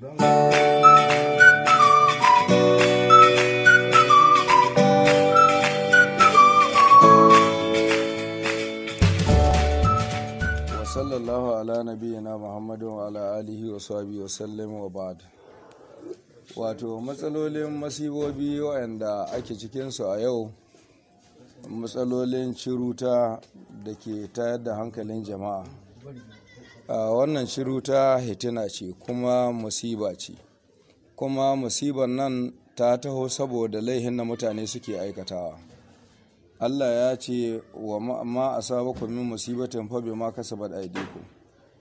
sallallahu ala nabiyina muhammadu wa ala alihi wa sahbihi wa sallam wa ba'd wato matsalolin masibobi waɗanda ake cikinsu a yau matsalolin ciruta da ke tayar da hankalin jama'a wannan shiru ta hitina ce kuma musiba ce kuma musibar nan ta taho saboda laihin na mutane suke aikatawa allah ya ce wa ma a saba ku min musibatin fa bi ma kasabat aidiku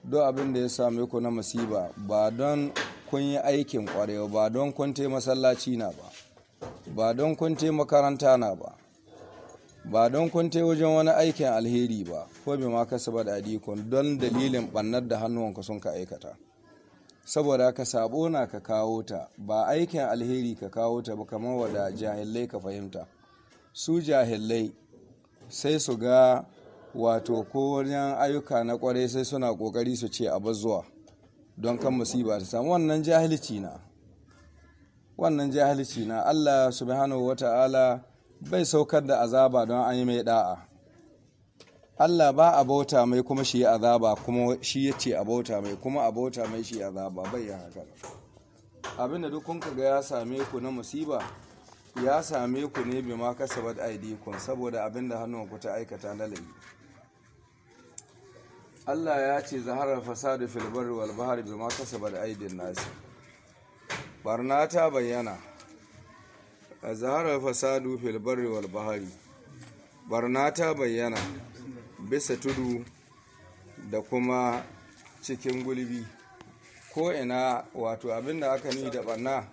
duk abin da ya same ku na musiba ba don kun yi aikin kwarewa ba don kun masallaci na ba ba don kun makaranta na ba ba don kun tai wajen wani aikin alheri ba ko bai ma kasa ba da don dalilin bannar da hannuwanku sun ka aikata saboda ka sabo na ka kawo ta ba aikin alheri ka kawo ta ba kamar wada jahillai ka fahimta su jahillai sai su ga wato ko wajen ayyuka na kwarai sai suna kokari su ce a zuwa don kan musiba ta samu wannan jahilci na wannan jahilci na allah subhanahu wata'ala bai saukar da azaba don an yi mai da'a Allah ba a bauta mai kuma shi azaba kuma shi ya ce a bauta mai kuma a bauta mai shi azaba bai yi haka abinda duk kun ga ya same ku na musiba ya same ku ne bi ma kasabat kun, saboda abinda ku ta aikata na laifi Allah ya ce zahara fasadu fil barri wal bahri bi ma kasabat aidin nasi barna ta bayyana a zaharar fasadu filbar wal bahari barna ta bayyana bisa tudu da kuma cikin gulbi ko ina wato abinda aka ni da barna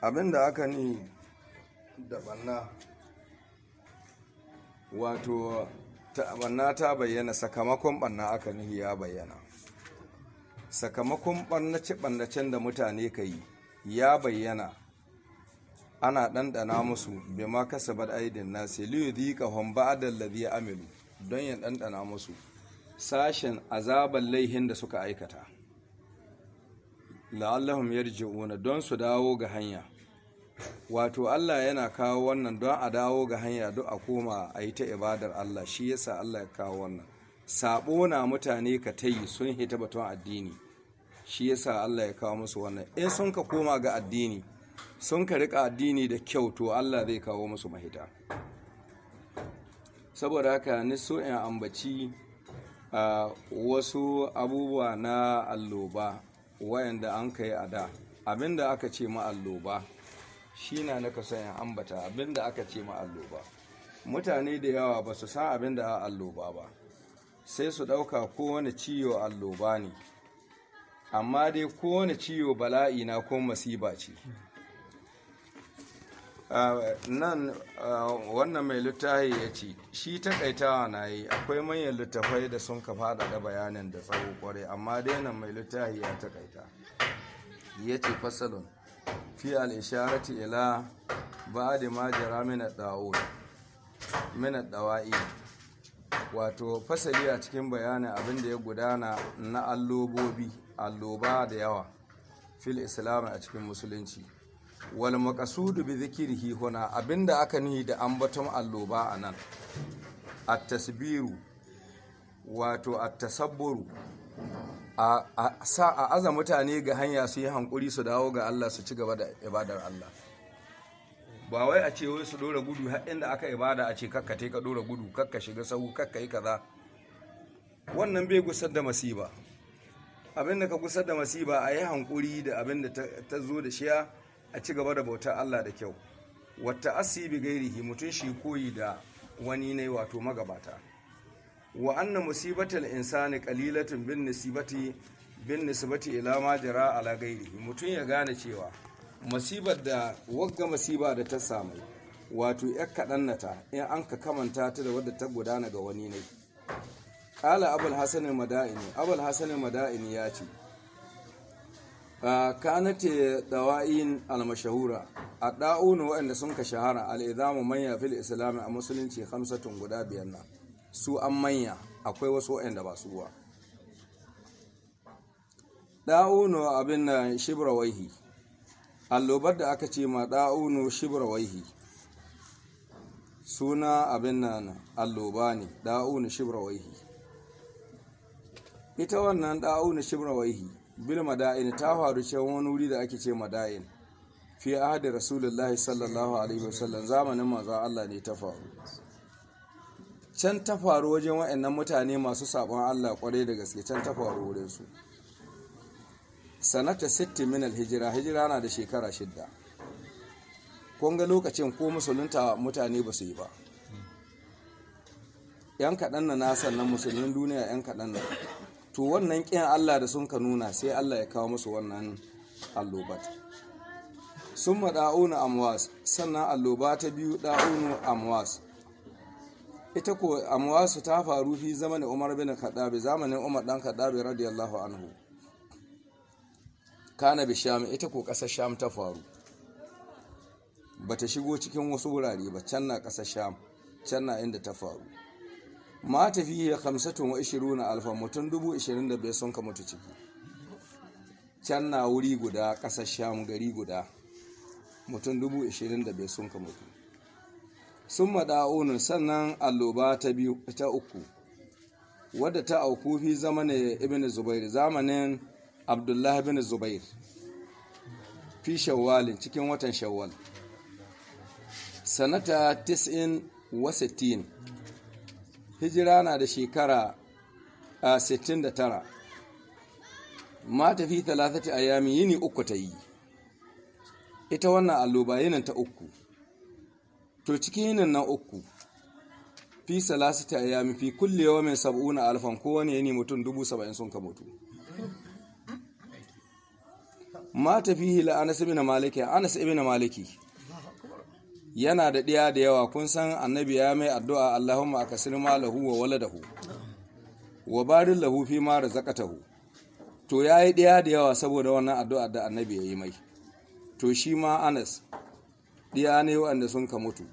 abinda aka ni da barna wato banna ta bayyana sakamakon banna aka nihi ya bayyana sakamakon ɓannace-ɓannacen da mutane ka yi ya bayyana ana ɗanɗana musu bai ma kasa bar aidin nasi liyu zika homba adallazi amilu don ya ɗanɗana musu sashen azabar laihin da suka aikata la'allahum yarji'una don su dawo ga hanya wato Allah yana kawo wannan don a dawo ga hanya duk a koma a yi ta ibadar Allah shi yasa Allah ya kawo wannan sabo na mutane ka ta yi sun hita batun addini shi yasa Allah ya kawo musu wannan in sun ka koma ga addini sun ka rika addini da kyau to Allah zai kawo musu mahita saboda haka ni so in ambaci wasu abubuwa na alloba wayanda an kai a da abinda aka ce ma alloba shi na naka sayan ambata abinda aka ce ma alloba mutane da yawa ba su san abinda a allo ba ba sai su ɗauka kowane ciwo ba ne amma dai kowane ciwo bala'i na ko masiba ce nan wannan mai littafi ya ce shi takaitawa na yi akwai manyan littafai da sun ka faɗaɗa bayanin da tsawo kwarai amma dai nan mai littafi ya takaita ya ce fasalon fi al ila ba ma jara min wato fasali a cikin bayanin abin da ya gudana na allobobi alloba da yawa fil islam a cikin musulunci wal makasudu bi zikirhi huna abinda aka ni da ambaton alloba anan at-tasbiru wato at-tasabburu a a aza mutane ga hanya su yi hankuri su dawo ga Allah su ci gaba da ibadar Allah ba wai a ce wai su dora gudu har inda aka ibada a ce kakka ka dora gudu kakka shiga sahu kakka yi kaza wannan bai gusar da masiba abin da ka gusar da masiba a yi hankuri da abin da ta zo da shiya a ci gaba da bautar Allah da kyau wata asibi gairihi mutum shi koyi da wani ne wato magabata wa anna musibatal insani qalilatun bin nisibati bin nisibati ila ma jara ala ghairihi mutun ya gane cewa musibar da wagga musiba da ta samu wato yar na nata in an ka kamanta ta da wadda ta gudana ga wani ne qala abul hasan al-madaini abul hasan madaini ya ce kanat dawa'in almashahura a adda'un wa'anda sun ka shahara al-idamu manya fil a musulunci hamsatun guda biyar na su an manya akwai wasu waɗanda ba su ba ɗa'unu abin da shibra waihi allobar da aka ce ma ɗa'unu shibra waihi suna abin nan alloba ne ɗa'unu shibra waihi ita wannan ɗa'unu shibra waihi bil mada'in ta faru ce wani wuri da ake ce mada'in fi ahadi rasulullahi sallallahu alaihi wasallam zamanin maza Allah ne ta faru can ta faru wajen wa'annan mutane masu sabon Allah kwarai da gaske can ta faru wurin su sanata 60 min hijira hijira na da shekara shidda kun ga lokacin ko musulunta mutane ba su yi ba yan kaɗan na nasa na musulmin duniya yan kaɗan na to wannan ƙin Allah da sun ka nuna sai Allah ya kawo musu wannan allobat sun maɗa'una amwas sannan alloba ta biyu ɗa'unu amwas ita ko amwasu ta faru fi zamanin umar bin khattabi zamanin umar dan khattabi radiyallahu anhu kana bi sham ita ko kasar sham ta faru bata shigo cikin wasu wurare ba can na kasar sham can na inda ta faru ma tafiye 25 alfa mutum dubu ishirin da bai sun ka mutu ciki can na wuri guda kasar sham gari guda mutum dubu ishirin da bai sun ka mutu sun maɗa'unin sannan alloba ta biyu ta uku wadda ta auku fi zamanin ibn zubair zamanin abdullah ibn zubair fi shawwalin cikin watan shawwal sanata 90 hijira na da shekara 69 mata fi a yami yini uku ta yi ita wannan alloba yinin ta uku to cikin yinin na uku fi salasita ayyami fi kulli mai sab'una alfan kowane yini mutum dubu saba'in sun ka mutu ma tafihi la anas ibn maliki anas ibn maliki yana da ɗiya da yawa kun san annabi ya mai addu'a Allahumma akasir ma lahu wa waladahu wa barin lahu fi ma razaqatahu to yayi ɗiya da yawa saboda wannan addu'a da annabi ya yi mai to shi ma Anas ɗiya ne wanda sun ka mutu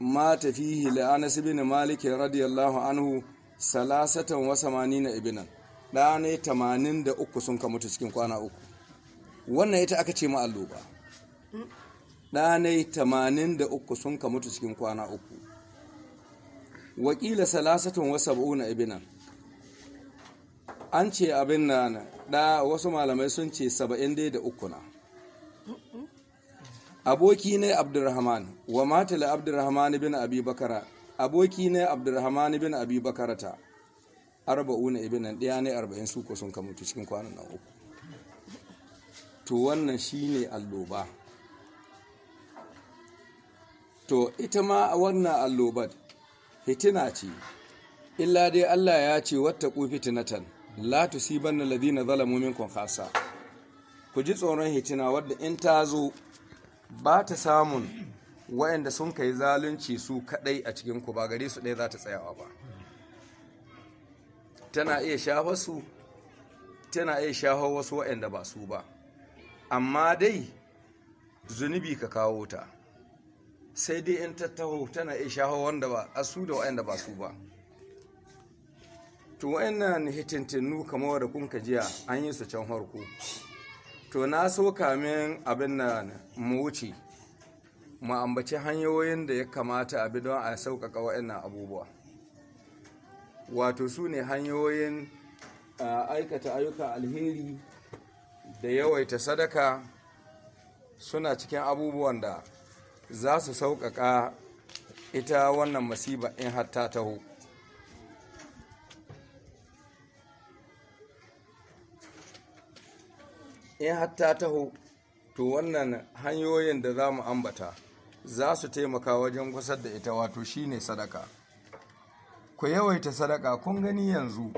mata da la anas ibn malik radiyallahu anhu salasatan wa samanina ibnan ɗane 83 sun ka mutu cikin kwana uku wannan ita aka ce ma alluba ɗane 83 sun ka mutu cikin kwana uku wakila salasatan wa sab'una ibnan an ce abin nan da wasu malamai sun ce 73 na aboki ne abdurrahman wa matala abdurrahman bin abi bakara aboki ne abdurrahman bin abi bakara ta ibn ibinan daya ne arba'in su ko sun kamutu cikin kwanan na uku to wannan shine alloba to ita ma wannan allobar fitina ce illa dai Allah ya ce wattaqu fitnatan la tusibanna ladina zalamu minkum khassa ku ji tsoron hitina wadda in ta zo ba ta samun waɗanda sun kai zalunci su kaɗai a cikin ku ba gare su ɗaya za ta tsayawa ba tana iya shafa su tana iya shafa wasu waɗanda ba su ba amma dai zunubi ka kawo ta sai dai in tattaho tana iya shafa wanda ba a su da waɗanda ba su ba to waɗannan hitintinu kamar da kun ka jiya an yi su can harko to na so kamin abin nan mu wuce mu ambaci hanyoyin da ya kamata a bi don a sauƙaƙa waɗannan abubuwa wato su ne hanyoyin aikata ayyukan alheri da yawaita sadaka suna cikin abubuwan da za su sauƙaƙa ita wannan masiba in hatta ta taho in hatta taho to wannan hanyoyin da za mu ambata za su taimaka wajen kusar da ita wato shi ne sadaka ku yawaita sadaka kun gani yanzu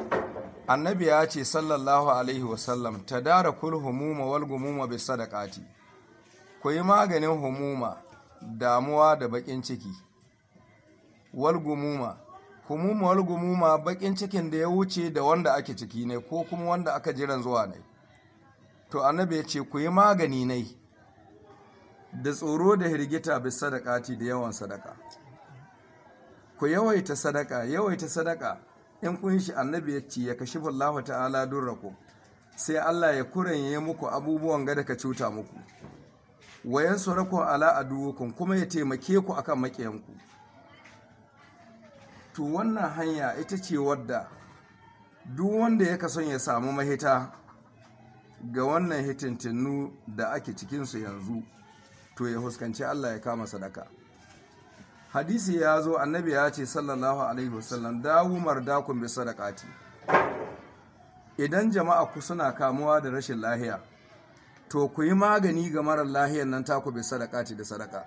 annabi ya ce sallallahu alaihi wasallam ta dara kul humuma wal gumuma bi sadakati ku yi maganin humuma damuwa da bakin ciki wal gumuma humuma wal gumuma bakin cikin da ya wuce da wanda ake ciki ne ko kuma wanda aka jiran zuwa ne to annabi ya ce ku yi magani nai da tsoro da hirgita bi ti da yawan sadaka ku yawaita sadaka yawaita sadaka in kun shi annabi ya ce ya kashi wallahu ta'ala durraku sai Allah ya ya yi muku abubuwan gada ka cuta muku wayan suraku ala aduwukum kuma ya taimake ku akan makiyanku to wannan hanya ita ce wadda duk wanda ya kason ya samu mahita ga wannan hitintinu da ake cikinsu yanzu to ya huskanci Allah ya kama sadaka hadisi ya zo annabi ya ce sallallahu alaihi wasallam dawo bai bi sadaqati idan jama'a ku suna kamuwa da rashin lahiya to ku yi magani ga marar lahiyar nan taku bi ce da sadaka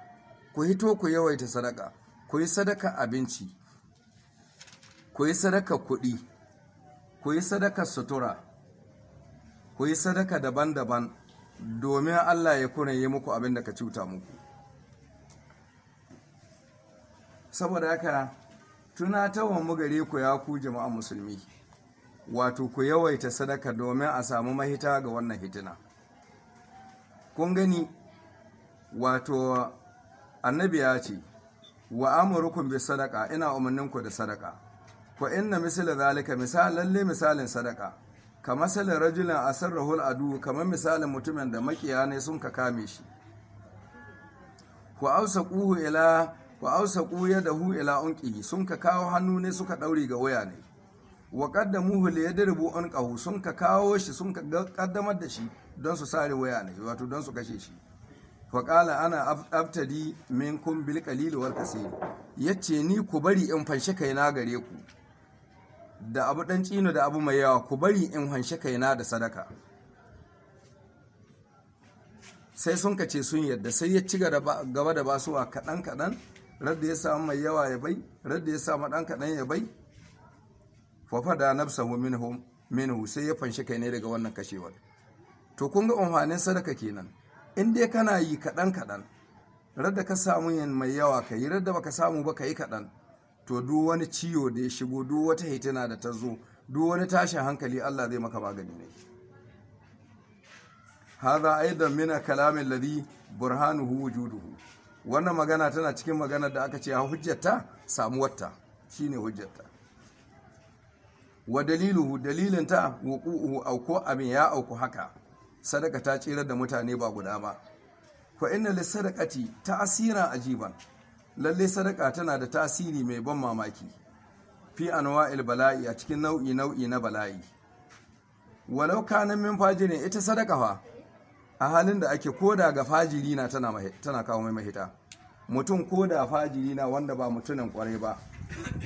ku hito ku yawaita sadaka ku yi sadaka abinci ku yi sadaka kuɗi ku yi sadaka sutura ku yi sadaka daban-daban domin Allah ya kuna yi muku abin da ka cuta muku saboda haka tunatawan mu mugare ku ya ku jama'a musulmi wato ku yawaita sadaka domin a samu mahita ga wannan hitina kun gani wato annabi ya ce wa amurukun bi sadaka ina umarninku da sadaka ko inna misali zalika misal misalin sadaka kamar salin rajulan a sarrahul adu kamar misalin mutumin da makiya ne sun ka kame shi ku ausa ƙuhu ila ƙuya da hu ila unki sun ka kawo hannu ne suka ɗauri ga waya ne wa ƙaddamuhu li an unqahu sun ka kawo shi sun ka ƙaddamar da shi don su sare waya ne wato don su kashe shi fa qala ana aftadi minkum bil qalil wal kaseer yace ni ku bari in fanshe kai na gare ku da abu ɗan cino da abu mai yawa ku bari in hanshe kaina da sadaka sai sun kace sun yadda sai ya ci gaba da basuwa kaɗan kaɗan radda ya samu mai yawa ya bai radda ya samu ɗan kaɗan ya bai fafa da nafsahu minhu sai ya fanshi kai daga wannan kashewar to kun ga amfanin sadaka kenan in dai kana yi kaɗan kaɗan radda ka samu yin mai yawa ka yi radda baka samu ba ka yi kaɗan to duk wani ciwo da ya shigo duk wata hitina da ta zo duk wani tashin hankali Allah zai maka magani ne hadha aidan min kalam alladhi burhanuhu wujuduhu wannan magana tana cikin maganar da aka ce a hujjata samuwarta shine hujjata wa daliluhu dalilin dalilinta wuqu'uhu auko abin ya auku haka sadaka ta tsira da mutane ba guda ba fa inna lisadaqati ta'sira ajiban lalle sadaka tana da tasiri mai ban mamaki fi anwa'il bala'i a cikin nau'i nau'i na bala'i walau kanan min fajirin ita sadaka fa a halin da ake koda ga fajiri na tana kawo mai mahita mutum koda fajiri na wanda ba mutunan kwarai ba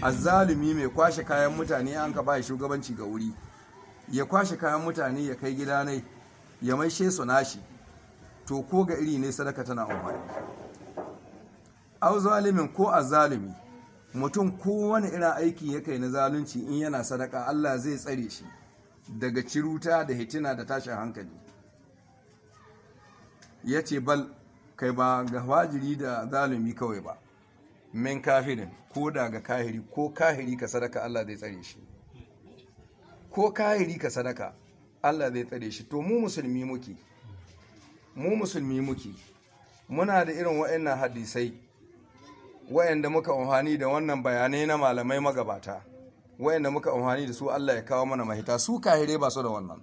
azzalumi mai kwashe kayan mutane an ka shugabanci ga wuri ya kwashe kayan mutane ya kai gida ya maishe su nashi to ko ga iri ne sadaka tana amfani au zalimin ko azalimi mutum ko wani irin aiki ya kai na zalunci in yana sadaka Allah zai tsare shi daga ciruta da hitina da tashin hankali ya ce bal kai ba ga wajiri da zalimi kawai ba min kafirin ko da ga kahiri ko kahiri ka sadaka Allah zai tsare shi ko kahiri ka sadaka Allah zai tsare shi to mu musulmi muke mu musulmi muke muna da irin waɗannan hadisai wayanda muka amfani da wannan bayanai na malamai magabata wayanda muka amfani da su Allah ya kawo mana mahita su kahire ba su da wannan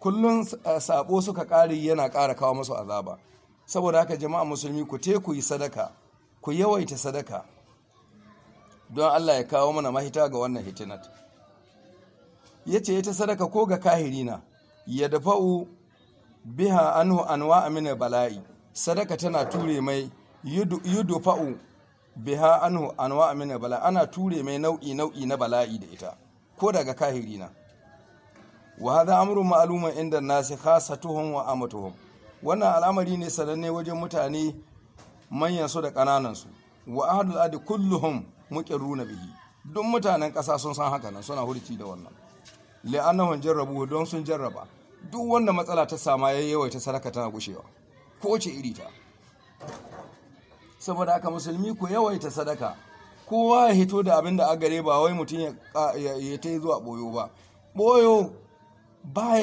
kullun eh, sabo suka kare yana kara kawo musu azaba saboda haka jama'a musulmi ku te ku yi sadaka ku yawaita sadaka don Allah ya kawo mana mahita ga wannan hitinat yace ita sadaka ko ga kahirina ya dafa'u biha anhu anwa'a amina bala'i sadaka tana ture mai yudufa'u biha anhu anwa min bala ana ture mai nau'i nau'i na bala'i da ita ko daga kahiri na wa hadha amru ma'lumun inda nasi khasatuhum wa amatuhum wannan al'amari ne sananne wajen mutane manyan su da kananan su wa ahlul adi kulluhum muqirruna bihi duk mutanen ƙasa sun san haka nan suna hurci da wannan li'annahum jarrabu don sun jarraba duk wanda matsala ta sama yayi yawaita sarakata tana gushewa ko ce iri ta saboda haka musulmi ku yawaita sadaka kowa ya hito da abin da a gare ba wai mutum ya ta zuwa boyo ba boyo ba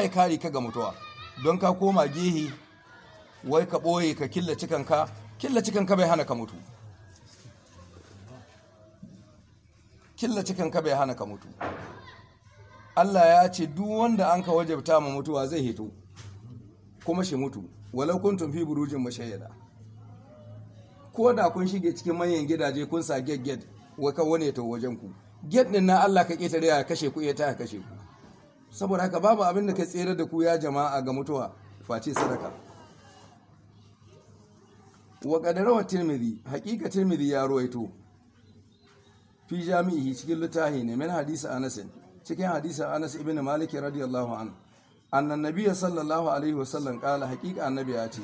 ya kare ka ga mutuwa don ka koma gehi wai ka boye ka killa cikanka killace kanka bai hana ka mutu killace kanka bai hana ka mutu Allah ya ce duk wanda an ka wajabta ma mutuwa zai hito kuma shi mutu walau kuntum fi burujin mashayyada ko da kun shige cikin manyan gidaje kun sa get get wane ta wajen ku get din na Allah ka ketare ya kashe ku ya ta kashe ku saboda haka babu abin da ka tsere da ku ya jama'a ga mutuwa face sadaka wa qadarawa tirmidhi haqiqa tirmidhi ya ruwaito fi jami'i cikin littafi ne min hadisi Anas cikin hadisi Anas ibn Malik radiyallahu anhu annan nabiya sallallahu alaihi wasallam kala haƙiƙa annabi ya ce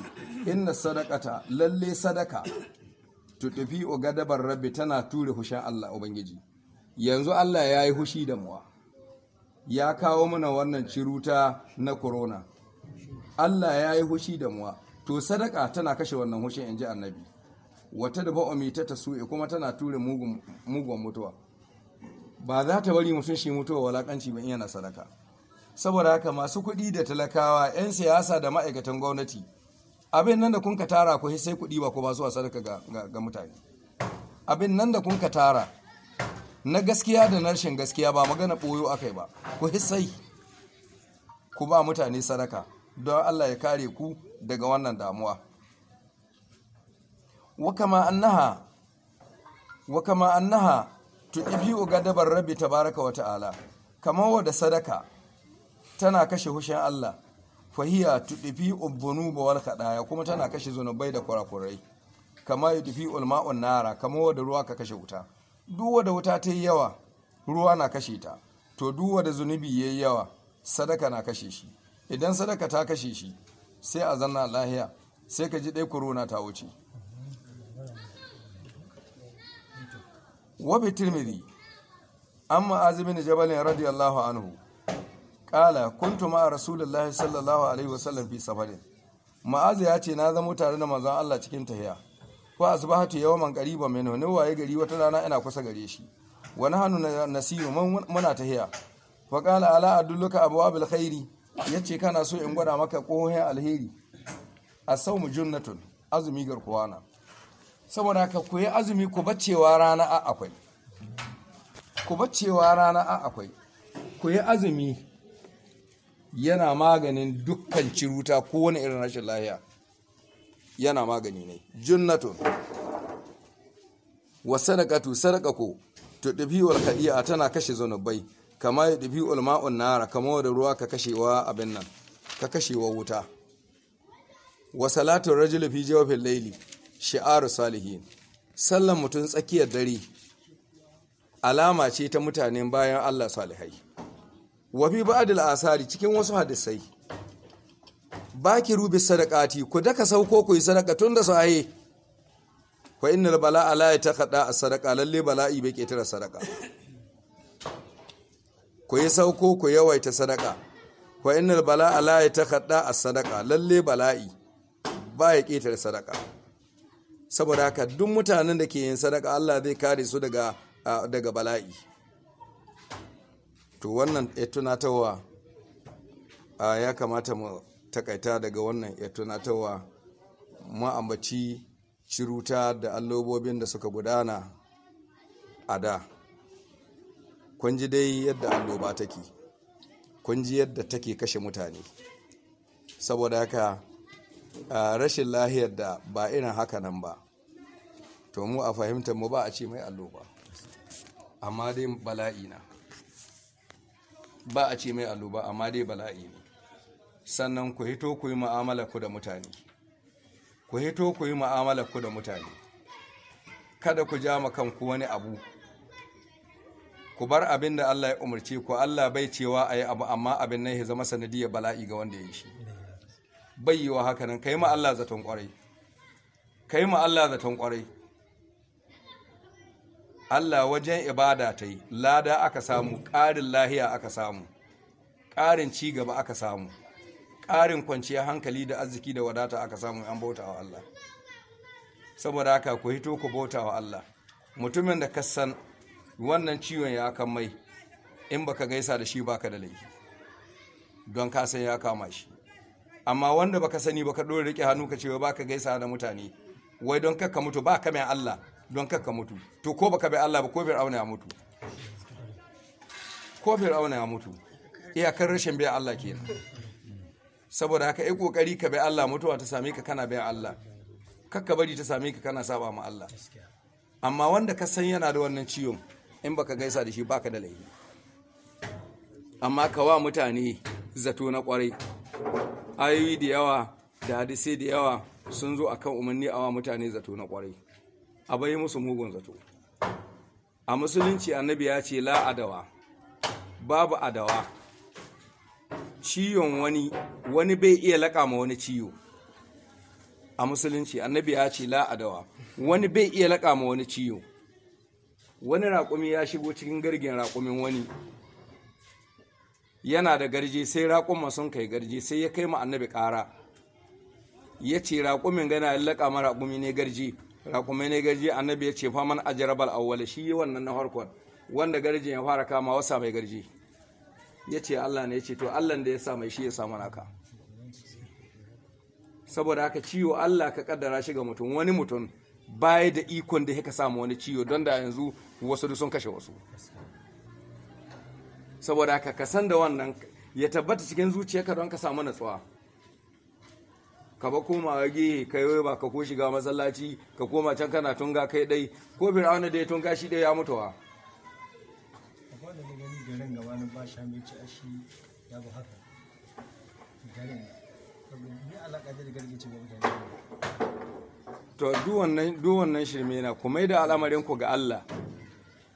inna sadaqata lalle sadaka tutufi o gadabar rabbi tana ture hushin Allah ubangiji yanzu Allah ya yi hushi da muwa ya kawo mana wannan ciruta na korona. Allah ya yi hushi da muwa to sadaka tana kashe wannan hushin inji annabi wata da ba'omi ta su'e kuma tana ture mugun mutuwa ba za ta bari mutum shi mutuwa walakanci ba na sadaka saboda haka masu kuɗi da talakawa 'yan siyasa da ma'aikatan gwamnati abin nan da kun ka tara ku sai kuɗi ba ku ba zuwa sadaka ga mutane abin nan da kun ka tara na gaskiya da na rashin gaskiya ba magana ɓoyo akai ba ku sai ku ba mutane sadaka don Allah ya kare ku daga wannan damuwa wakama annaha wakama annaha tudibiu gadabar rabbi tabaraka wa ta'ala kamar da sadaka tana kashe hushin Allah fahiya tudifi ubunuba wal kadaya kuma tana kashe zunubai da kurakurai kama yudifi ulma'un nara kama wada ruwa ka kashe wuta duk wadda wuta ta yi yawa ruwa na kashe ta to duk wadda zunubi ya yi yawa sadaka na kashe shi idan sadaka ta kashe shi sai a zanna lahiya sai ka ji dai corona ta wuce wabi tirmidhi an azibin jabalin radiyallahu anhu kala kuntu ma rasulullahi sallallahu alaihi wasallam fi safarin ma'aza ya ce na zama tare da manzon Allah cikin tahiya ko asbahatu yawman qariba minhu ne waye gari wata rana ina kusa gare shi wani hannu nasiru muna tahiya fa qala ala adulluka abwabil khairi yace kana so in gwada maka kohin alheri asawmu junnatun azumi garkuwana saboda ka koyi azumi ku baccewa rana a akwai ku baccewa rana a akwai ku yi azumi yana maganin dukkan ciruta ko wani irin rashin lahiya yana magani ne junnatun wa sadaqatu To tudfi wal kadiya tana kashe zanubai kama yudfi ul ma'un nara kama da ruwa ka kashewa abin nan ka kashewa wuta wa salatu rajul fi jawfil layli shi'aru salihin sallan mutun tsakiyar dare alama ce ta mutanen bayan Allah salihai wafi ba'adul asari cikin wasu hadisai ki rubi sadaqati ku daka sauko ku yi sadaka tun da saye fa innal bala'a la yatakada as-sadaqa lalle bala'i bai tira sadaka ku yi sauko ku yawaita sadaka fa innal bala'a la yatakada as-sadaqa lalle bala'i bai ya tira sadaka saboda haka duk mutanen da ke yin sadaka Allah zai kare su daga daga bala'i to wannan ya eh, tunatarwa ya kamata mu takaita daga wannan ya eh, tunatarwa ma'ambaci ciruta da allobobin da suka gudana a da kun ji dai yadda alloba take kun ji yadda take kashe mutane saboda haka rashin lahiyar da ba irin haka nan ba to mu a fahimta mu ba a ce mai alloba amma dai bala'i na ba a ce mai alluba amma dai bala'i ne sannan ku hito ku yi mu'amala ku da mutane ku hito ku yi mu'amala ku da mutane kada ku ja kanku wani abu ku bar abin da Allah ya umarce ku Allah bai cewa ayi yi abu amma abin nan ya zama sanadiyar bala'i ga wanda ya yi shi bai yi wa haka nan kai mu Allah zaton kwarai kai Allah zaton kwarai Allah wajen ibada ta yi lada aka samu ƙarin lahiya aka samu ƙarin ci gaba aka samu ƙarin kwanciyar hankali da arziki da wadata aka samu an bauta wa Allah saboda haka ku hito ku bauta wa Allah mutumin da ka san wannan ciwon ya kan mai in baka gaisa da shi baka da laifi don ka san ya kama shi amma wanda baka sani baka dole rike hannu ka cewa baka gaisa da mutane wai don kakka mutu baka mai Allah don kakka mutu to ko baka bi Allah ba ko fir'auna ya mutu ko fir'auna ya mutu iyakar rashin biya Allah kenan saboda haka yi kokari ka bi Allah mutuwa ta same ka kana biya Allah kakka bari ta same ka kana saba ma Allah amma wanda ka san yana da wannan ciwon in baka gaisa da shi baka da laifi amma ka wa mutane zato na kwarai ayoyi da yawa da hadisai da yawa sun zo akan umarni a wa mutane zato na kwarai a bai musu mugun zato a musulunci annabi ya ce la adawa babu adawa ciwon wani wani bai iya laƙa ma wani ciwo a musulunci annabi ya ce la adawa wani bai iya laƙa ma wani ciwo wani raƙumi ya shigo cikin gargin raƙumin wani yana da garje sai raƙuma sun kai garje sai ya kai ma annabi ƙara ya ce raƙumin gana laƙa ma raƙumi ne garje raƙumai ne garji annabi ya ce faman ajrabal awwal shi wannan na farkon wanda garjin ya fara kama wasa mai garji ya ce Allah ne ya ce to Allah da ya sa mai shi ya samu naka saboda haka ciwo Allah ka kaddara shi ga mutum wani mutum baya da ikon da yake samu wani ciwo don da yanzu wasu da sun kashe wasu saboda haka ka san da wannan ya tabbata cikin zuciyarka don ka samu natsuwa ka ba koma gehe kai wai ba ka ko shiga masallaci ka koma can kana tunga kai dai ko fir'auna da ya tunga shi dai ya mutuwa garin gaba na ba sha mai ci ya bu haka garin ni alaƙa da garin ci gaba to duk wannan shirme na ku mai da al'amarin ku ga Allah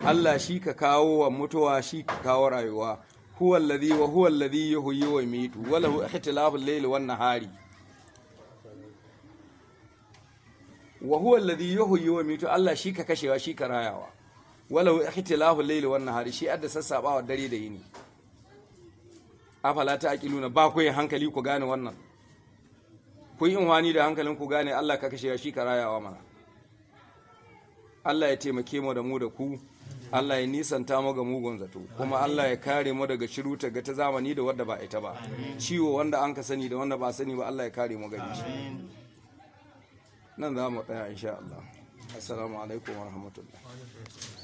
Allah shi ka kawo wa mutuwa shi ka kawo rayuwa huwa alladhi wa huwa alladhi yuhyi wa yumiitu wa lahu ihtilaful layli wan nahari wa huwa alladhi yuhyi wa mitu Allah shi ka kashewa shi ka rayawa walau ikhtilahu al-layli wan nahari shi adda sassabawa dare da yini afala ta ba ku yin hankali ku gane wannan ku yin wani da hankalin ku gane Allah ka kashewa shi ka rayawa mana Allah ya taimake mu da mu da ku Allah ya nisanta mu ga mugun zato kuma Allah ya kare mu daga shiruta ga ta zamani da wanda ba ita ba ciwo wanda an ka sani da wanda ba sani ba Allah ya kare mu gari. shi nan za mu tsaya insha Allah assalamu alaikum wa rahmatullah